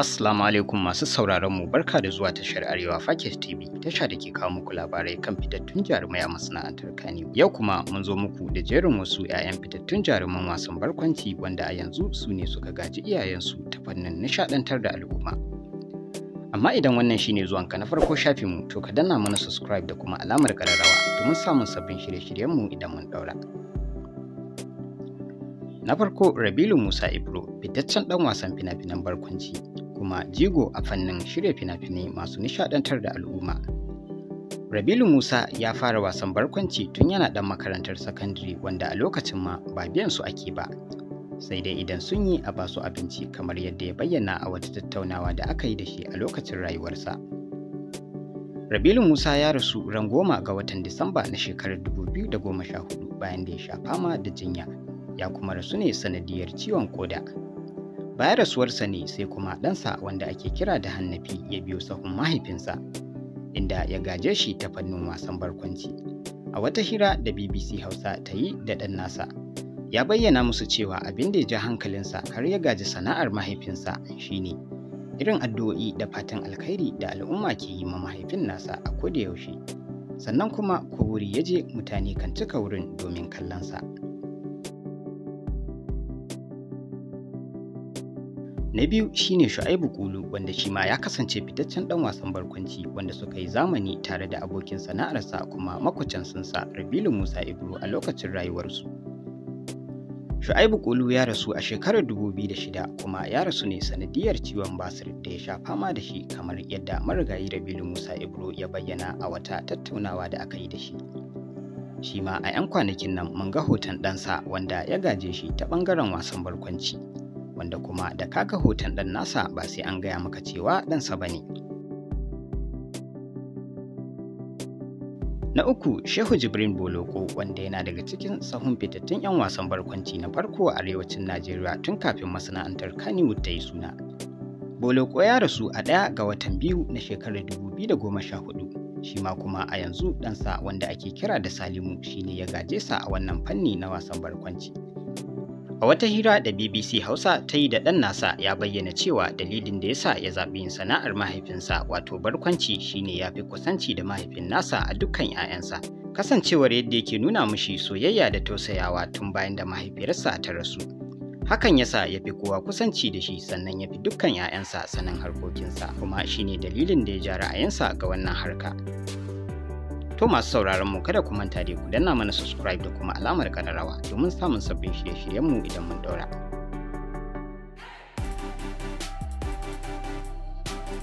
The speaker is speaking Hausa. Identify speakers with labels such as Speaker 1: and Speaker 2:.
Speaker 1: Assalamu alaikum masu sauraron mu barka da zuwa tashar Arewa Fakis TV tasha da ke kawo muku labarai kan fitattun jarumai a masana'antar Kano. Yau kuma mun zo muku da jerin wasu 'ya'yan fitattun jaruman wasan barkwanci wanda a yanzu su ne suka gaji iyayensu ta fannin nishaɗantar da al'umma. Amma idan wannan shine zuwanka na farko shafin mu to ka danna mana subscribe da kuma alamar kararrawa domin samun sabbin shirye-shiryen mu idan mun ɗaura. Na farko Rabilu Musa Ibro fitaccen ɗan wasan fina-finan barkwanci kuma jigo a fannin shirya fina-finai masu nishadantar da al'umma. Rabilu Musa ya fara wasan barkwanci tun yana ɗan makarantar sakandare wanda a lokacin ma ba biyan su ake ba. Sai dai idan sun yi a basu abinci kamar yadda ya bayyana a wata tattaunawa da aka yi da shi a lokacin rayuwarsa. Rabilu Musa ya rasu ran goma ga watan Disamba na shekarar dubu biyu da goma sha hudu, bayan da ya sha fama da jinya, ya kuma rasu ne sanadiyar ciwon koda. bayan rasuwarsa ne sai kuma ɗansa wanda ake kira da hannafi ya biyo sahun mahaifinsa inda ya gaje shi ta fannin wasan barkwanci a wata hira da bbc hausa ta yi da ɗan nasa ya bayyana musu cewa abin da ya ja hankalinsa har ya gaji sana'ar mahaifinsa shine irin addu'o'i da fatan alkhairi da al'umma ke yi ma mahaifin nasa a koda yaushe sannan kuma ko wuri ya je mutane kan cika wurin domin kallonsa. sa Na biyu shine Shu'aibu Kulu wanda shi ma ya kasance fitaccen dan wasan barkwanci wanda suka yi zamani tare da abokin sana'arsa kuma makwacin sunsa Rabilu Musa Ibro a lokacin rayuwarsu. Shu'aibu Kulu ya rasu a shekarar 2006 kuma ya rasu ne sanadiyar ciwon basir da ya sha fama da shi kamar yadda marigayi Rabilu Musa Ibro ya bayyana a wata tattaunawa da aka yi da shi. Shi ma a 'yan kwanakin nan mun ga hoton ɗansa wanda ya gaje shi ta ɓangaren wasan barkwanci. wanda kuma da kaka hoton ɗan nasa ba sai an gaya maka cewa ɗansa ba ne. Na uku Shehu Jibrin Boloko wanda yana daga cikin sahun fitattun 'yan wasan barkwanci na farko a arewacin Najeriya tun kafin masana'antar Kannywood ta yi suna. Boloko ya rasu a ɗaya ga watan biyu na shekarar 2014 shi ma kuma a yanzu ɗansa wanda ake kira da Salimu shine ya gaje sa a wannan fanni na wasan barkwanci. A wata hira da BBC Hausa ta yi da ɗan nasa ya bayyana cewa dalilin da yasa ya zaɓi yin sana'ar mahaifinsa wato barkwanci shine ya fi kusanci da mahaifin nasa a dukkan 'ya'yansa. Kasancewar yadda yake nuna mushi soyayya da tausayawa tun bayan da mahaifiyarsa ta rasu. Hakan yasa ya fi kowa kusanci da shi sannan ya fi dukkan 'ya'yansa sanin harkokinsa kuma shine dalilin da ya ja ra'ayinsa ga wannan harka. To masu sauraron mu kada ku manta da ku danna mana subscribe da kuma alamar kararrawa domin samun sabbin shirye-shiryenmu idan mun daura.